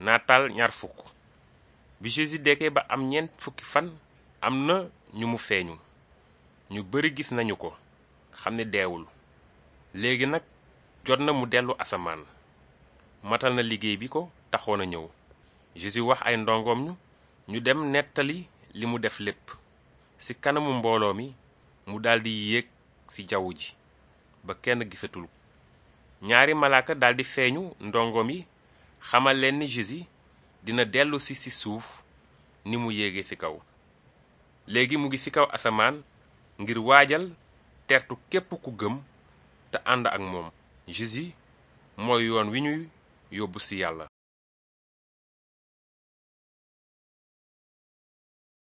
nataal ñaar bi Jésus dekkee ba am ñent fukki fan am na ñu mu feeñu ñu bari gis nañu ko xam ne deewul léegi nag jot na mu dellu asamaan matal na liggéey bi ko taxoon a ñëw Jésus wax ay ndongoom ñu dem nettali li mu def lépp ci kanamu mbooloo mi mu daldi yéeg ci jaww ji ba kenn gisatul ñaari malaaka daldi feeñu ndongoom yi xamal leen ni Jésus dina dellu si si suuf ni mu yéege ci kaw léegi mu ngi ci kaw asamaan ngir waajal tertu képp ku gëm te ànd ak moom Jésus mooy yoon wi ñuy yóbbu si yàlla